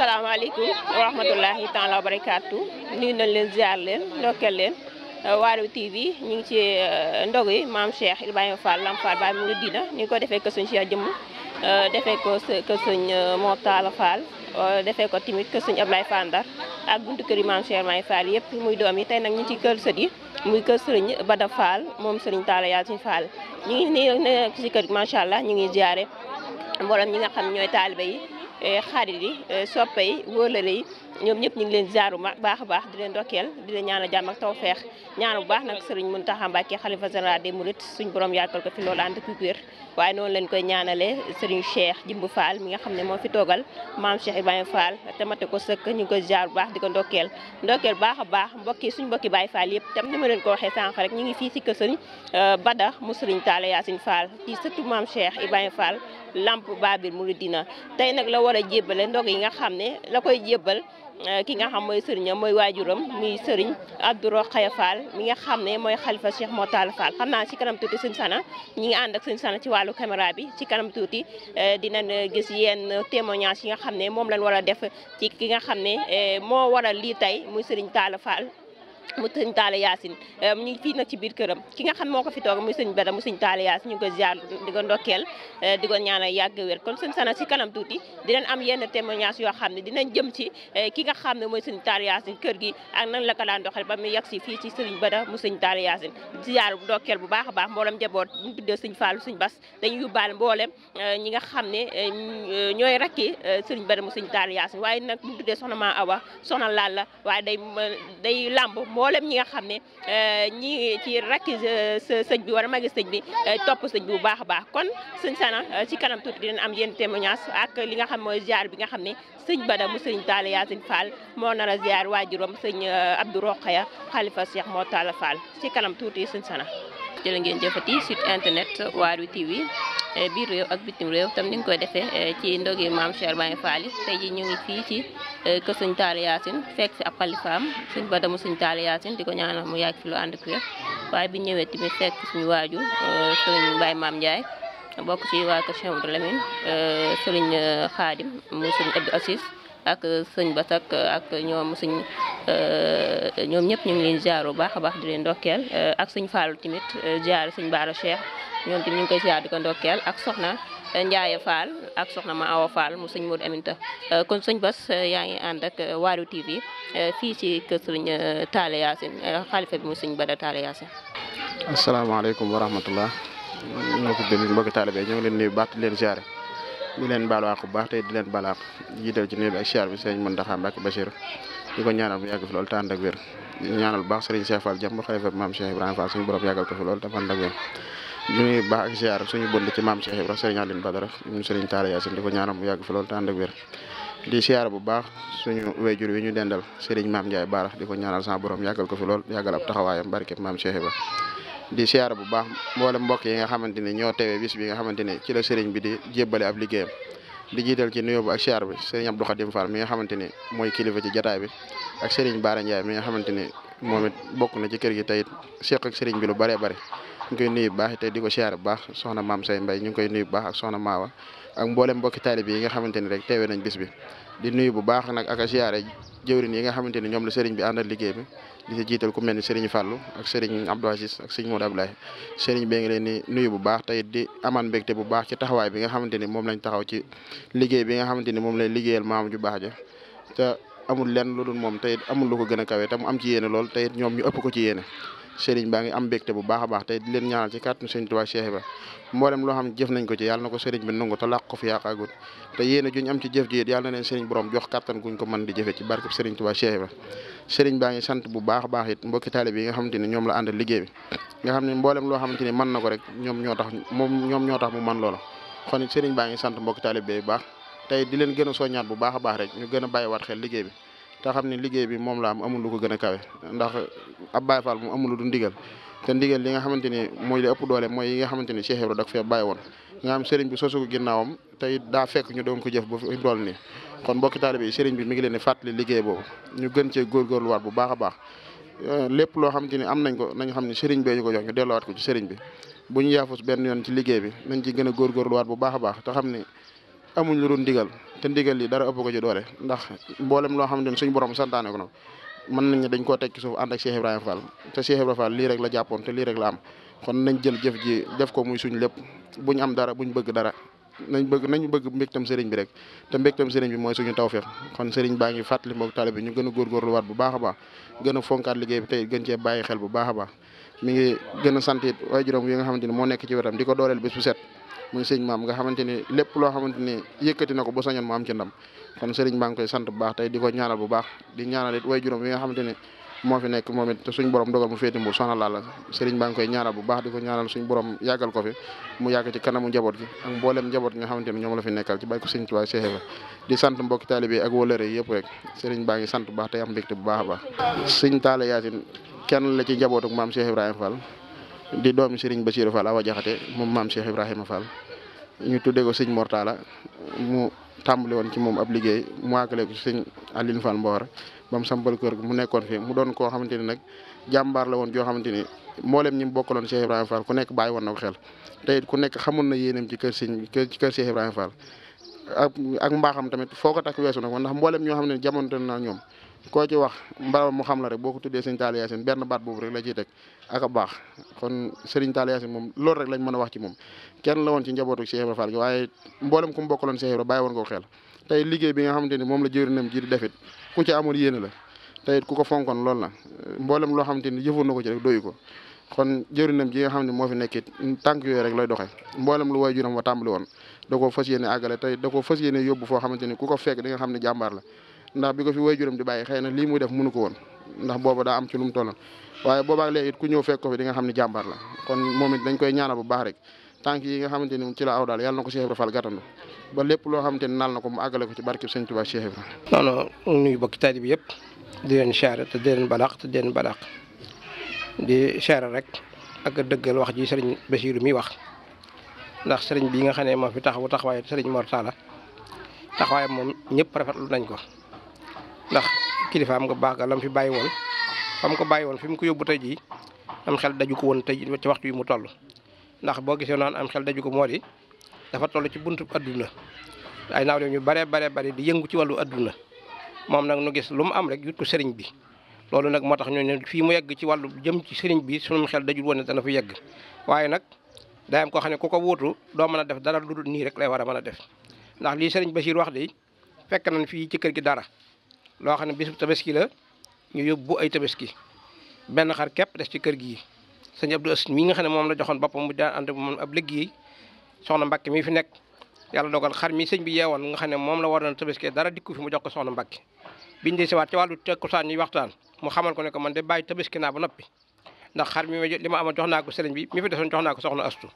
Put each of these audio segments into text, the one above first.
asalaamaaleykum wa rahmatulahi taala wa barakaatu nuyu nañ leen ziar leen ndokkeel leen euh, Waarwi TV ñu ngi ci euh, ndog yi maam Cheikh Ibrahima Fall Lam Fall Baay mu dina ñu ngi ko defee ko suñ Cheikh jëmm euh, defee ko ko suñ Mor Talla defee ko tamit ko suñ Ablaye Fall Ndar ak buntu kër yi maam Cheikh Ibrahima Fall yëpp muy doom yi tey nag ñu ngi ci kër sët yi muy kër sëriñ Bada Fall moom sëriñ Talla Yacine Fall ñu ngi nii ci kër allah ñu ngi ziare mboolem ñi nga xam ñooy taalibe yi Eh, xarit yi eh, soppe yi wóolale yi ñoom ñëpp ñu ngi leen ziaru baax a baax di leen dokkeel di leen ñaanal jàmm ak tawfeex ñaan bu baax nag sëriñ Mountakha Mbacké xalifa général des mourides suñ borom yàggal ko fi loolu ànd ak wér waaye noonu leen koy ñaanalee Serigne Cheikh Jimbu faal mi nga xam ne moo fi toogal maam Cheikh Ibrahima Fall te mate ko sëkk ñu ngi koy jaar bu baax di ko ndokkeel ndokkeel baax a baax mbokki suñ mbokki baay Fall yëpp tam ni ma leen ko waxee sànq rek ñu ngi fii si kër Serigne euh, Bada mu Serigne Talla Yacine Fall ci sëttu maam Cheikh Ibrahima Fall lamp Babil Mouridina tey nag la war a jébbale ndog yi nga xam ne la koy jébbal Euh, ki nga xam mooy sëriñam mooy waajuram muy sëriñ Abdou Rokhaya Fall mi nga xam ne mooy xalifa Cheikh Motal Fall xam naa ci kanam tuuti sëñ Sana ñi ngi ànd ak sëñ Sana ci wàllu caméra bi ci kanam tuuti euh, dina gis yenn témoignage yi nga xam ne moom lañ war a def ci ki nga xam ne euh, moo waral lii tey muy sëriñ Talla mu sëñ Talla Yacine euh, mu ngi fii nag ci biir këram ki nga xam moo ko fi toog muy sëñ Bada mu sëñ Talla Yacine ñu ngi ko ziar di ko ndokkeel euh, di ko ñaanal yàgg wér kon sëñ Sana si kanam tuuti dinañ am yenn témoignage yoo xam ne dinañ euh, nga xam ne mooy sëñ Talla Yacine ba mu yegg si fii ci sëñ Bada mu sëñ Talla Yacine ziar ndokkeel a ñooy rakki sëñ Bada mu sëñ Talla Yacine waaye nag bu ñu soxna Maa Awa soxna Lalla waaye day day làmb mboolem ñi nga xam ne eh, ñi ci rakki eh, sëñ bi war a magi sëñ bi eh, topp sëñ bu baax a baax kon sëñ Sana ci kanam tuuti dinañ am yenn témoignage ak li nga xam mooy ziar bi nga xam ne sëñ Bada mu sëñ Talla Yacine Fall moo nar a ziar waajuram sëñ Abdou Rokhaya xalifa Cheikh moo Talla Fall ci kanam tuuti sëñ Sana jërë ngeen jëfati site internet Waarwi TV eh, biir réew ak bitim réew tam ni nga koy defee eh, ci ndogi maam Cheikh Baye Fall tey ji ñu ngi fii ci eh, kër sëñ Talla Yacine fekk si ab xalifaam sëñ Badamu sëñ Talla Yacine di ko ñaanal mu yàgg fi lu ànd ak waaye bi ñëwee tamit fekk suñu waajur sëñ Baye Maam Ndiaye bokk ci waa kër Cheikh Abdou Lamine sëriñ Xaadim mu sëriñ ak sëñ Basak ak ñoom sëñ euh, ñoom ñëpp ñu ngi leen ziar baax a baax di leen ndokkeel euh, ak suñ Fallou tamit euh, ziar suñ Baara Cheikh ñoom tamit ñu ngi koy ziar di ko ndokkeel ak soxna Ndiaye Fall ak soxna ma Awa Fall mu suñ Modou Aminta kon sëñ Bas yaa ngi ànd ak Waarwi TV fii ci kër sëñ Talla Yacine xalifa bi mu sëñ Bada Talla Yacine. asalaamaaleykum wa rahmatullah mbokki mbokki taalibe ñu ngi leen nuyu baat leen ziare. di leen baal waaq bu baax te di leen balaaq jiital ci nuyu bi ak siyaar bi sëriñ Mountakha Mbacké Bachir di ko ñaanal mu yàgg fi loolu te ànd ak di ko loolu te ànd ak wér di nuyu bu baax ak siyaar maam Cheikh Ibrahima sëriñ Aline ko ñaanal mu yàgg fi loolu te ànd di siyaar bu baax suñu wéyjur wi dendal sëriñ maam Ndiaye Baara di ko ñaanal sa borom yàggal ko fi lool yàggal ab taxawaayam barke maam Cheikh Ibrahima di siyaara bu baax mboolem mbokk yi nga xamante ne ñoo teewee bis bi nga xamante ne ci la sëriñ bi di jébbale ab liggéeyam di jiital ci nuyoo bu ak siyaar bi sëriñ Abdou Khadim Fall mi nga xamante ne mooy kilifa ci jataay bi ak sëriñ Baara Ndiaye mi nga xamante ne moom it bokk na ci kër gi tayit seq ak sëriñ bi lu bare bare ñu koy nuyu bu baax te di ko siyaar bu baax soxna maam mbay ñu koy nuyu bu baax ak soxna maawa ak yi nga xamante ni rek teewee nañ bis bi di nuyu bu baax nag ak a siyaare yi nga xamante ni ñoom la sëriñ bi àndal liggéey bi jiital ku mel ni sëriñ Fallou ak sëriñ Abdou Aziz ak sëriñ Modou Abdoulaye sëriñ bi ngi leen nuyu bu baax tey di amaan mbégte bu baax ci taxawaay bi nga xamante ni moom lañ taxaw ci liggéey bi nga xamante ni moom lay liggéeyal maam ju baax ja te amul lenn lu dul moom tey amul lu ko gën a kawe te mu am ci yéene lool tey ñoom ñu ëpp ko ci yéene sëriñ baa ngi am mbégte bu baax a baax tey di leen ñaanal ci kàttanu sëriñ Tuubaa Cheikh Ibra mboolem loo nañ ko ci yàlla na ko sëriñ bi nangu te làq ko fi yaakaagut te yéen a am ci jëf ji yàlla na leen sëriñ borom jox kàttan guñ ko mën di jëfe ci barkeb sëriñ Tuubaa Cheikh Ibra baa ngi sant bu baax a baaxit it mbokki taalib yi nga xamante ni ñoom la àndal liggéey bi nga xam loo xamante ni mën na ko rek ñoom ñoo tax moom ñoom ñoo tax mu mën loola kon sëriñ baa ngi sant mbokki taalib bi bu baax tey di leen gën a soññaat bu baax a baax rek ñu gën a bàyyiwaat xel liggéey bi te xam ne liggéey bi moom la am amul lu ko gën a kawe ndax ab Baay Faal moom amul lu du ndigal te ndigal li nga xamante ni mooy li ëpp doole mooy yi nga xamante ni Cheikh Ibra dak fee bàyyi woon nga xam sëriñ bi sosu ko ginnaawam tey daa fekk ñu doon ko jëf ba fi mu toll nii kon mbokki taalibe yi sëriñ bi mi ngi leen di fàttali liggéey boobu ñu gën cee góorgóorluwaat bu baax a baax euh, lépp loo xamante ni am nañ ko nañ xam ne sëriñ bee ñu ko jox ñu delloowaat ko ci sëriñ bi bu ñu yaafus benn yoon ci liggéey bi nañ ci gën a góorgóorluwaat bu baax a baax te xam ne amuñ lu dul digal te ndigal yi dara ëpp ko ci doole ndax mboolem loo xam ne suñ borom santaane ko nag mën nañ dañ koo teg ci suuf ànd ak Cheikh Ibrahima Fall te Cheikh Ibrahima Fall lii rek la jàppoon te lii rek la am nañ jël jëf ji def ko muy suñ lépp buñ am dara buñ bëgg dara nañ bëgg nañ bëgg mbégtam sëriñ bi rek te mbégtam sëriñ bi mooy suñu tawfeex kon sëriñ baa ngi fàttali mbokk taalibe bi ñu gën a góorgóorlu bu baax a baax gën a fonkaat liggéey bi tey gën cee bàyyi xel bu baax a baax ngi gën a sant it waaye juróom yi nga xamante ni moo nekk ci wetam di ko dooleel bis bu set muy sëñ maam nga xamante ni lépp loo xamante ni yëkkati na ko bu sañoon mu am ci ndam kon sëriñ baa koy sant bu baax tey di ko ñaanal bu baax di ñaanal it way juróom yi nga moo fi nekk moom it suñ borom dogal mu féeti mbur soxna Lalla sëriñ baa ngi bu baax di ko ñaanal suñ borom yàggal ko fi mu yàgg ci kanamu njaboot gi ak mboolem njaboot nga xamante ni ñoom la fi nekkal ci bàyyi ko sëñ Tuubaa Seex Ibra di sant mbokki taalibe yi ak wóllëre yi yëpp rek sëriñ baa ngi sant bu baax tey am mbégte bu baax a baax sëñ Taala Yaasin kenn la ci njabootuk maam Cheikh Ibrahima di doomi Serigne Bassirou Fall Awa Jaxate moom maam Cheikh Ibrahima Fall ñu tuddee ko sëñ Mortala mu tàmbali woon ci moom ab liggéey mu àggale ko sëñ Aline Fall mboor ba mu sambal kër mu nekkoon fi mu doon koo xamante ni nag jàmbaar la woon joo xamante ni mboolem ñi mu bokkaloon Cheikh Ibrahima Fall ku nekk bàyyi woon na ko xel te ku nekk xamoon na yéenam ci kër sëñ ci kër Cheikh Ibrahima Fall ak ak mbaaxam tamit foo ko takk weesu nag ndax mboolem ñoo xam ne jamono na ñoom koo ci wax mbaraw mu xam la rek boo ko tuddee sëñ Talla Yacine benn baat boobu rek la ciy teg ak a baax kon sëriñ Talla Yacine moom loolu rek lañ mën a wax ci moom kenn la woon ci njabootu Cheikh Ibra Fall gi waaye mboolem ku mu bokkaloon Cheikh Ibra bàyyi woon ko xel tey liggéey bi nga xamante ni moom la jëwrinam ji di defit ku ci amul yéene la teyit ku ko fonkoon loolu la mboolem loo xamante ni jëfoon na ko ci rek doyu ko kon jëwrinam ji nga xam ne moo fi nekkit tànk yooyu rek lay doxee mboolem lu way juram wa tàmbali woon da koo fas yéene àggale tey da xamante ni ku ko fekk di nga xam ne jàmbaar ndax bi ko fi waajuram di bàyyi xëy na lii muy def munu ko woon ndax booba daa am ci lu mu tolloon waaye boobaa léegi it ku ñëw fekk ko fi di nga xam ne jàmbaar la kon moom it dañ koy ñaanal bu baax rek tànk yi nga xamante ni ci la aw daal yàlla na ko Cheikh Ibra Fall gàttandu ba loo xamante ni naal na ko mu àggale ko ci barkeb Sëñ Tuubaa Cheikh Ibra non non nuyu bokki taalibe bi yëpp di leen siyaare te di leen balaax rek ak dëggal wax ji sëriñ Basiiru mi wax ndax sëriñ bi nga xam ne moo fi taxawu taxawaayu sëriñ Mor Talla taxawaayam moom ñëpp rafetlu nañ ko ndax kilifa am nga baax la mu fi bàyyi woon fam ko bàyyi woon fi mu ko yóbbu tey jii am xel daju ko woon tey ci waxtu yi mu toll ndax boo gisee naan am xel daju ko moo di dafa toll ci buntu adduna ay naaw ñu baree baree bari di yëngu ci wàllu àdduna moom nag nu gis lu mu am rek yut sëriñ bi loolu nag moo tax ñu ne fii mu yegg ci wàllu jëm ci sëriñ bi sunu xel dajul woon ne dana fa yegg waaye nag day am koo xam ne ku ko wuutu doo mën a def dara lu dul nii rek lay war a def ndax lii sëriñ Bachir wax de fekk nañ fii ci kër gi dara loo xam ne bisub tabaski la ñu yóbbu ay tabaski benn xar képp des ci kër gi sëñ Abdou nga xam ne la joxoon boppam mu daan ànd moom ab liggéey soxna Mbàkke mi fi nekk yàlla dogal xar mi sëñ bi yeewoon nga xam ne moom la waroon tabaski dara dikku fi mu jox ko soxna Mbàkke biñ dee siwaat ci wàllu tekkusaan ñuy waxtaan mu xamal ko ne ko man de bàyyi tabaski naa ba noppi ndax xar mi ma li ma amoon jox naa ko sëriñ bi mi fi jox naa ko soxna astu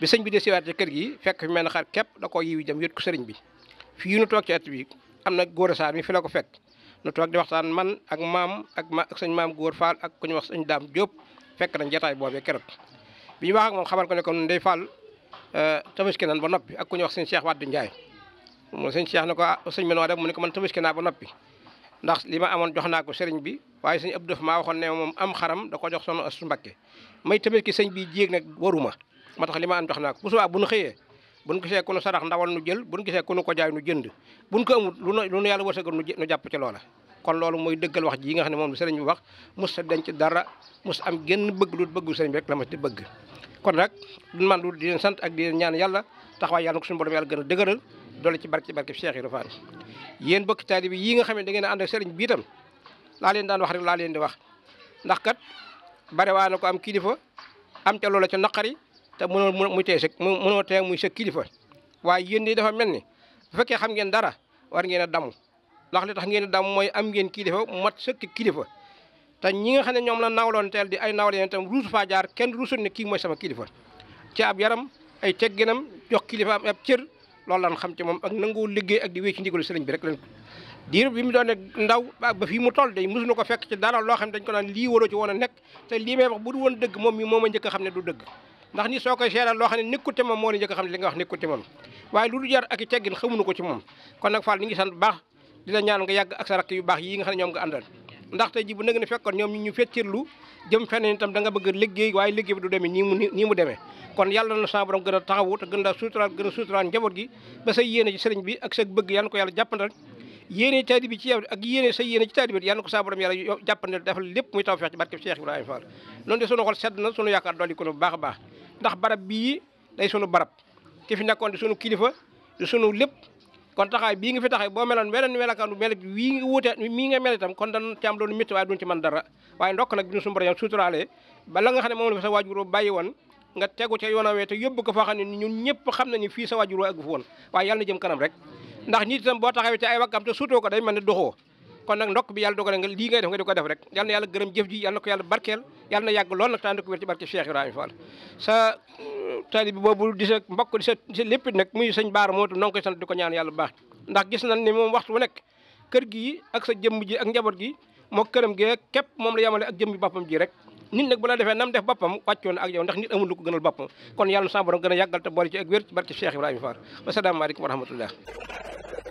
bi sëñ bi dee siwaat ci kër gi fekk fi mel xar képp da ko yiw jëm yët ko sëriñ bi fii ñu toog ci at bi am na góor a saar mi fi la ko fekk nu toog di waxtaan man ak maam ak ma ak sëñ maam góor faal ak ku ñu wax sëñ daam jóob fekk nañ jataay boobee keroog bi ñu wax moom xamal ko ne ko nun day faal euh, tabaski ba noppi ak ku ñu wax sëñ Cheikh Wade Ndiaye mu sëñ Cheikh ne ko ah, sëñ bi noo def mu ne man tabaski naa ba noppi ndax li ma amoon jox naa ko sëriñ bi waaye sëñ Abdou maa waxoon ne moom am xaram da ko jox sono su Mbakke may tabaski sëñ bi jéeg nag waruma ma tax li ma am jox naa ko bu bu nu xëyee buñ gisee ku nu sarax ndawal nu jël buñ gisee ku nu ko jaay nu jënd buñ ko amul lu nu yàlla wërsëgal nu jàpp ci loola kon loolu mooy dëggal wax ji nga xam ne moom la sëriñ bi wax mos a denc dara mos am genn bëgg lu bëggu sëriñ bi rek la ma ci bëgg kon nag duñ man lu di leen sant ak di leen ñaan yàlla taxawaay yàlla na ko suñu borom yàlla gën a dëgëral doole ci barke barke Cheikh Ibra Fall yéen bokki taalibe yii nga xam ne da ngeen a ànd ak sëriñ laa leen daan wax rek laa leen di wax ndax kat bare waa na ko am kilifa am ca loola ca naqari te mënoo muy tey sa mënoo tey muy sa kilifa waaye yéen ñi dafa mel ni bu fekkee xam ngeen dara war ngeen a damu ndax li tax ngeen a damu mooy am ngeen kilifa mat sëkk kilifa te ñi nga xam ne ñoom la nawloon teel di ay nawle yeen faa jaar kenn ruusul ne kii mooy sama kilifa ci ab yaram ay tegginam jox kilifa am ab cër loolu lan xam ci moom ak nangoo liggéey ak di wéy ci ndigalu sëriñ bi rek leen diir bi mu doon ne ndaw ba fii mu toll day mosuñu ko fekk ci dara loo xam ne dañ ko naan lii waroo ci woon a nekk te lii may wax bu du woon dëgg moom mi moom a njëkk a xam ne du dëgg ndax ni soo koy seeral loo xam ne nekkute moom moo ni njëkk xam ne li nga wax nekkute moom waaye lu du jar ak i teggin xamuñu ko ci moom kon nag Fall ñu ngi sant bu baax di la ñaan nga yàgg ak sa rakk yu baax yii nga bu demee nii mu demee kon yàlla na sa gën a taxawu te gën laa suuturaan gën a suuturaan njaboot gi ba say yéene ci sëriñ bi ak sa bëgg yàlla ko yàlla jàppandal yéene taali ci yow ak yéene sa yéene ci taali bi ko saa borom yàlla defal lépp muy tawfeex ndax barab bii day sunu barab ki fi nekkoon di sunu kilifa di sunu lépp kon taxaay bii nga fi taxaw boo meloon weneen melakaanu mel wii nga wuute mii nga kon dañ ci am loolu métti waaye duñ ci mën dara waaye ndokk nag bi ñu sunu borom suturaalee ba la nga xam ne moom la fi sa waajur bàyyi woon nga tegu ca yoonawee te yóbbu ko xam ne ñun ñëpp xam nañu fii sa waajur aggu fi woon waaye yàlla na jëm kanam rek ndax nit itam boo taxawee ci ay wakkam te suutoo ko day mel ne kon nag ndokk bi yàlla dogale nga lii ngay def nga ko def rek yal na yàlla gërëm jëf ji yal na ko yàlla barkeel yal na yàgg lool nag taan di ko wér ci barke Cheikh Ibrahima Fall sa mm, taalibi boobu di sa mbokk sa sa lépp nag muy sëñ Baara moo tam na ko ñaan yàlla bu ndax gis nañ ni moom waxtu wu kër gi ak sa jëmm ji ak njaboot gi moo këram gi képp moom la yemale ak jëmm bi boppam rek nit nag bu la defee nam def boppam wàccoon ak yow ndax nit amul lu ko gënal kon yàlla sa yàggal te boole ci ak wér ci barke Cheikh Ibrahima